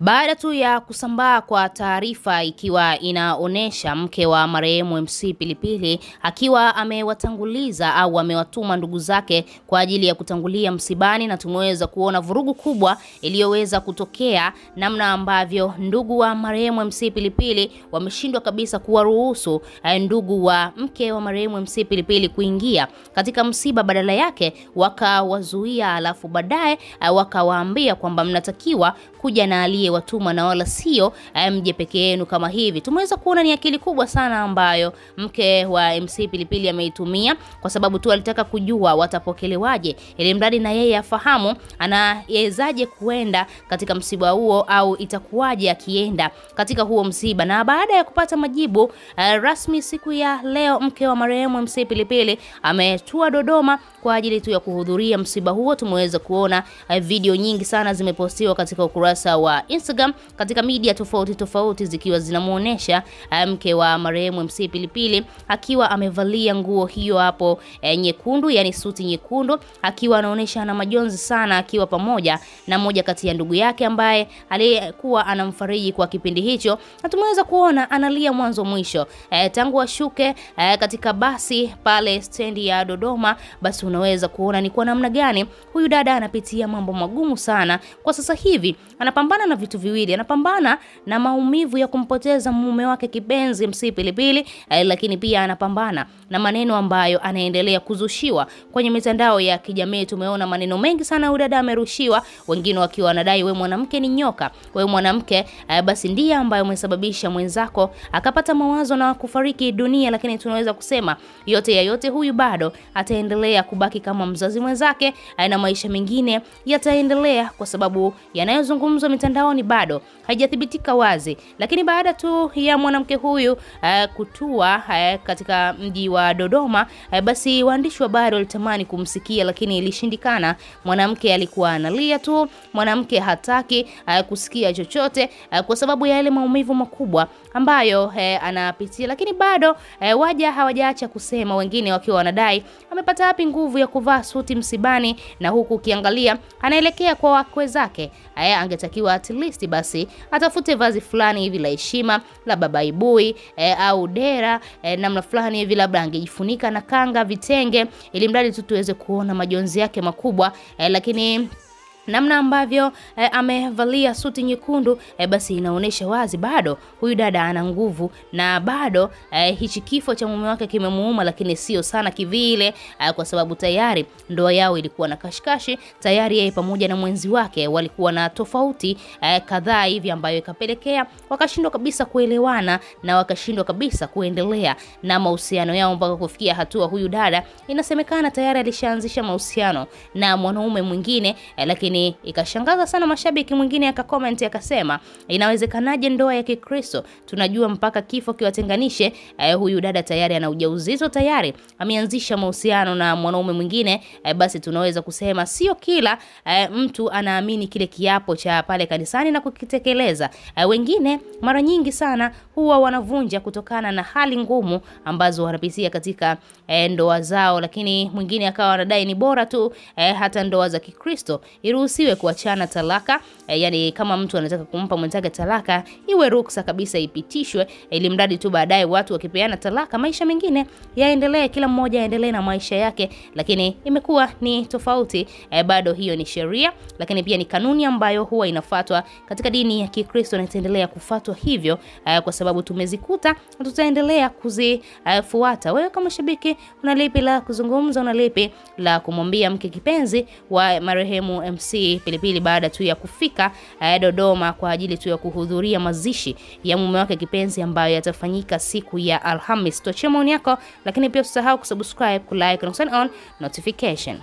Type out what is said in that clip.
Baada tu ya kusambaa kwa taarifa ikiwa inaonesha mke wa marehemu MC Pilipili akiwa amewatanguliza au amewatuma ndugu zake kwa ajili ya kutangulia msibani, na tumeweza kuona vurugu kubwa iliyoweza kutokea, namna ambavyo ndugu wa marehemu MC Pilipili wameshindwa kabisa kuwaruhusu eh, ndugu wa mke wa marehemu MC Pilipili kuingia katika msiba, badala yake wakawazuia, alafu baadaye eh, wakawaambia kwamba mnatakiwa kuja na aliyewatumwa na wala sio eh, mje peke yenu kama hivi. Tumeweza kuona ni akili kubwa sana ambayo mke wa MC Pilipili ameitumia kwa sababu tu alitaka kujua watapokelewaje, ili mradi na yeye afahamu anawezaje kuenda katika msiba huo au itakuwaje akienda katika huo msiba. Na baada ya kupata majibu uh, rasmi siku ya leo, mke wa marehemu MC Pilipili ametua Dodoma kwa ajili tu ya kuhudhuria msiba huo. Tumeweza kuona uh, video nyingi sana zimepostiwa katika ukurasa ukurasa wa Instagram katika media tofauti tofauti zikiwa zinamuonesha eh, mke wa marehemu MC Pilipili akiwa amevalia nguo hiyo hapo e, nyekundu yani suti nyekundu, akiwa anaonesha ana majonzi sana, akiwa pamoja na moja kati ya ndugu yake ambaye aliyekuwa anamfariji kwa kipindi hicho, na tumeweza kuona analia mwanzo mwisho e, tangu ashuke e, katika basi pale stendi ya Dodoma, basi unaweza kuona ni kwa namna gani huyu dada anapitia mambo magumu sana kwa sasa hivi anapambana na vitu viwili, anapambana na maumivu ya kumpoteza mume wake kipenzi MC Pilipili, eh, lakini pia anapambana na maneno ambayo anaendelea kuzushiwa kwenye mitandao ya kijamii. Tumeona maneno mengi sana, huyu dada amerushiwa, wengine wakiwa wanadai we mwanamke ni nyoka, we mwanamke eh, basi ndiye ambaye umesababisha mwenzako akapata mawazo na kufariki dunia. Lakini tunaweza kusema yote ya yote, huyu bado ataendelea kubaki kama mzazi mwenzake eh, na maisha mengine yataendelea kwa sababu yanayozunguka mazungumzo mitandaoni bado haijathibitika wazi, lakini baada tu ya mwanamke huyu uh, kutua uh, katika mji wa Dodoma uh, basi waandishi wa habari walitamani kumsikia, lakini ilishindikana. Mwanamke alikuwa analia tu, mwanamke hataki uh, kusikia chochote uh, kwa sababu ya yale maumivu makubwa ambayo eh, anapitia, lakini bado eh, waja hawajaacha kusema, wengine wakiwa wanadai amepata wapi nguvu ya kuvaa suti msibani, na huku ukiangalia anaelekea kwa wakwe zake eh, ange angetakiwa at least basi atafute vazi fulani hivi la heshima, labda baibui e, eh, au dera e, namna fulani hivi, labda angejifunika na kanga, vitenge, ili mradi tu tuweze kuona majonzi yake makubwa e, lakini namna ambavyo e, amevalia suti nyekundu e, basi inaonyesha wazi bado huyu dada ana nguvu na bado e, hichi kifo cha mume wake kimemuuma, lakini sio sana kivile e, kwa sababu tayari ndoa yao ilikuwa na kashikashi tayari. Yeye pamoja na mwenzi wake walikuwa na tofauti e, kadhaa hivi ambayo ikapelekea wakashindwa kabisa kuelewana na wakashindwa kabisa kuendelea na mahusiano yao mpaka kufikia hatua huyu dada inasemekana tayari alishaanzisha mahusiano na mwanaume mwingine e, lakini lakini ikashangaza sana mashabiki. Mwingine akakomenti akasema, inawezekanaje ndoa ya Kikristo? Tunajua mpaka kifo kiwatenganishe. Eh, huyu dada tayari ana ujauzito tayari, ameanzisha mahusiano na mwanaume mwingine. Eh, basi tunaweza kusema sio kila eh, mtu anaamini kile kiapo cha pale kanisani na kukitekeleza. Wengine mara nyingi sana huwa wanavunja kutokana na hali ngumu ambazo wanapitia katika ndoa zao, lakini mwingine akawa anadai ni bora tu hata ndoa za Kikristo iruhusiwe iruhusiwe kuachana talaka e, yani kama mtu anataka kumpa mwenzake talaka iwe ruksa kabisa ipitishwe, ili mradi tu baadaye watu wakipeana talaka maisha mengine yaendelee, kila mmoja aendelee na maisha yake. Lakini imekuwa ni tofauti e, bado hiyo ni sheria, lakini pia ni kanuni ambayo huwa inafuatwa katika dini ya Kikristo na itaendelea kufuatwa hivyo e, kwa sababu tumezikuta na tutaendelea kuzifuata. E, wewe kama shabiki una lipi la kuzungumza? Una lipi la kumwambia mke kipenzi wa marehemu MC Pilipili Pilipili baada tu ya kufika eh, Dodoma kwa ajili tu ya kuhudhuria mazishi ya mume wake kipenzi ambayo yatafanyika siku ya Alhamis. Tuachie maoni yako, lakini pia usisahau kusubscribe, kulike na on notification.